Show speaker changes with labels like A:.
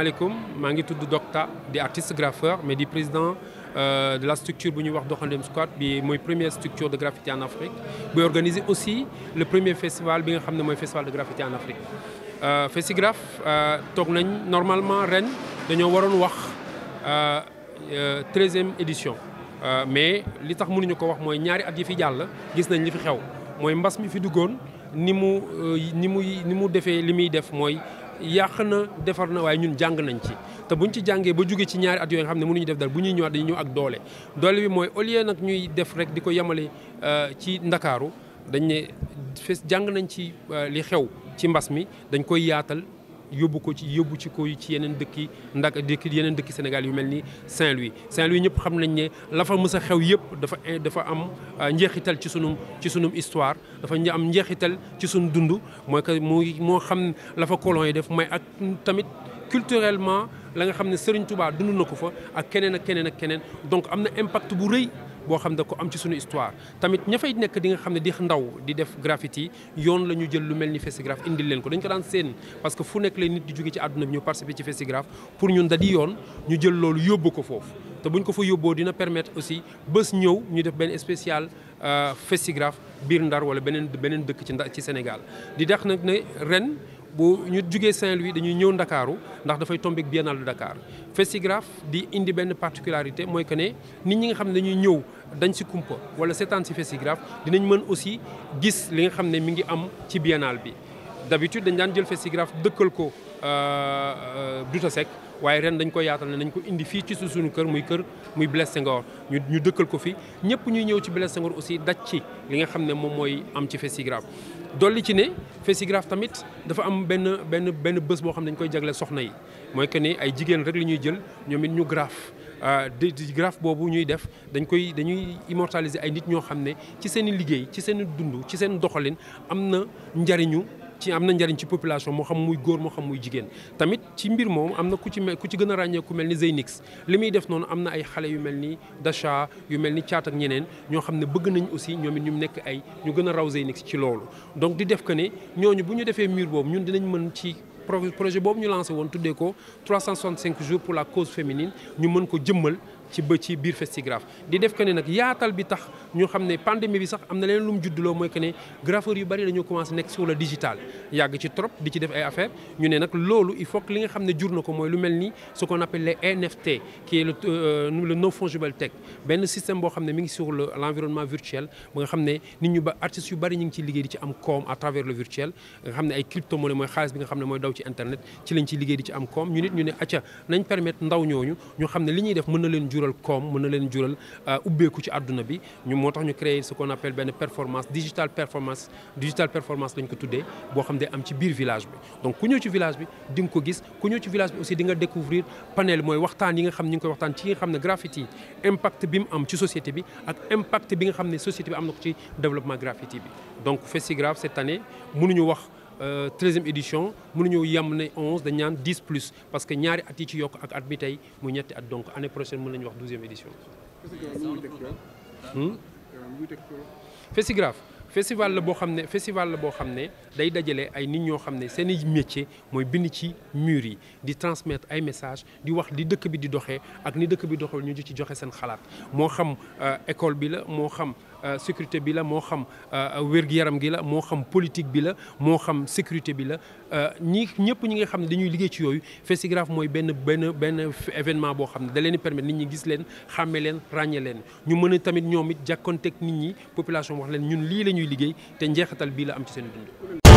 A: asalaamaaleykum maa ngi tudd Docta di artiste graffeur mais di président euh, de la structure bu ñuy wax Doxandem Squad bi mooy première structure de graffiti en Afrique buy organiser aussi le premier festival bi nga xam ne mooy festival de graffiti en Afrique. Euh, Festigraf euh, toog nañ normalement ren dañoo waroon wax treizième édition mais li tax mënuñu ko wax mooy ñaari at yi fi jàll gis nañ li fi xew mooy mbas mi fi duggoon ni mu ni muy ni mu defee li muy def mooy. yàq na defar na waaye ñun jàng nañ ci te buñ ci jàngee ba jógee ci ñaari at yooyu nga xam ne mënuñu def dara bu ñuy ñëwaat dañuy ñëw ak doole doole bi mooy au lieu nag ñuy def rek di ko yemale euh, ci ndakaaru dañ ne fes jàng nañ ci euh, li xew ci mbas mi dañ koy yaatal yóbbu ko ci yóbbu ci ko ci yeneen dëkk yi ndax dëkk yeneen dëkki Sénégal yu mel ni Saint-Louis Saint-Louis ñëpp xam nañ ne la fa mës a xew yëpp dafa dafa am euh, njeexital ci sunum ci sunum histoire dafa am njeexital ci sunu dund mooy que muy moo xam la fa colon yi def may ak tamit culturellement la nga xam ne Serigne Touba dund na ko fa ak keneen ak keneen ak keneen donc am na impact bu rëy. boo xam ne ko am ci suñu histoire tamit ña fay nekk dinga xam ne di ndaw di def graffiti yoon la ñu jël lu mel ni Festigraph indil leen ko dañ ko daan seen parce que fu nekk lay nit di jóge ci àdduna bi ñu participer ci Festigraph pour ñu da di yoon ñu jël loolu yóbbu ko foofu te buñ ko fa yóbboo dina permettre aussi bés ñëw ñu def benn spécial Festigraph euh, biir Ndar wala beneen beneen dëkk ci ci Sénégal di dex nag ne ren bu ñu jugee Saint-Louis dañuy ñëw ndakaaru ndax dafay tombé biennale ndakaar Dakar Festigraph di indi benn particularité mooy que ne nit ñi nga xam ne dañuy ñëw dañ si kumpa wala seetaan si Festigraph dinañ mën aussi gis li nga xam ne mi ngi am ci biennale bi. d'habitude dañ daan jël Festigraph dëkkal ko euh, euh, Douta Seck waaye ren dañ ko yaatal ne nañ ko indi fii ci suñu kër muy kër muy Blaise Senghor ñu ñu dëkkal ko fii ñëpp ñuy ñëw ci Blaise Senghor aussi daj ci li nga xam ne moom mooy am ci Festigraph dolli ci ne Festigraph tamit dafa am benn benn benn bés boo xam ne dañ koy jagle soxna yi mooy que ni ay jigéen rek li ñuy jël ñoom it ñu graaf euh, di graphe boobu ñuy def dañ koy dañuy immortaliser ay nit ñoo xam ne ci seen i liggéey ci seen i dund ci seen doxalin am na njariñu ci am na njariñ ci population moo xam muy góor moo xam muy jigéen tamit ci mbir moom am na ku ci mel ku ci gën a ràññee ku mel ni Zeynix li muy def noonu am na ay xale yu mel ni Dacha yu mel ni Caat ak ñeneen ñoo xam ne bëgg nañ aussi ñoom it ñu nekk ay ñu gën a raw Zeynix ci loolu donc di def que ne ñooñu bu ñu defee mur boobu ñun dinañ mën ci projet boobu ñu lancé woon tuddee ko trois cent 365 jours pour la cause féminine ñu mën ko jëmmal ci ba ci biir Festigraph di def que ne nag yaatal bi tax ñu xam ne pandémie bi sax am na leen lu mu judduloo mooy que ne graffeur yu bari dañoo commencé nekk sur le digital yàgg ci trop di ci def affaire ñu ne nag loolu il faut que li nga xam ne jur na ko mooy lu mel ni ce qu'on appelle les NFT qui est euh, non fungible tech benn système boo xam ne mu ngi sur le l'environnement virtuel ba nga xam ne nit ñu ba artistes yu bari ñu ngi ciy liggéey di ci am koom à travers le nga xam ne mooy xaalis bi nga xam ne mooy daw ñu nit ñu na leen jural koom mën na leen jural euh, ubbeeku ci àdduna bi ñu moo tax ñu créer ce qu'on appelle benn performance digital performance digital performance lañ ko tuddee boo xam ne am ci biir village bi donc ku ñëw ci village bi di nga ko gis ku ñëw ci village bi aussi di nga découvrir panel mooy waxtaan yi nga xam ne ñu ngi koy waxtaan ci nga xam ne graffiti impact bi mu am ci société bi ak impact bi nga xam ne société bi am na ko ci développement graffiti bi donc Festigraph cette année mënuñu wax Euh, treizième édition mënuñu yem ne onze dañ naan dix plus parce que ñaari at yi ci yokk ak at bi tey mu ñetti at donc année prochaine mën nañu wax douzième édition. Hmm? Fesigraf festival la boo xam ne festival la boo xam ne day dajale ay nit ñoo xam ne seen i métier mooy bind ci mur yi di transmettre ay message di wax li dëkk bi di doxee ak ni dëkk bi doxee ñu ci joxe seen xalaat moo xam euh, école bi la moo xam. Euh, sécurité bi la moo xam euh, wér-gu-yaram gi la moo xam politique bi la moo xam sécurité bi la euh, ñi ñëpp ñi nga xam ne dañuy liggéey ci yooyu Fesxigraph mooy benn benn benn événement boo xam ne da leen di permettre nit ñi gis leen xàmme leen ràññe leen ñu mën a tamit ñoom it jàkkoonteeg nit ñi population wax leen ñun lii la ñuy liggéey te njeexital bii la am ci seen dund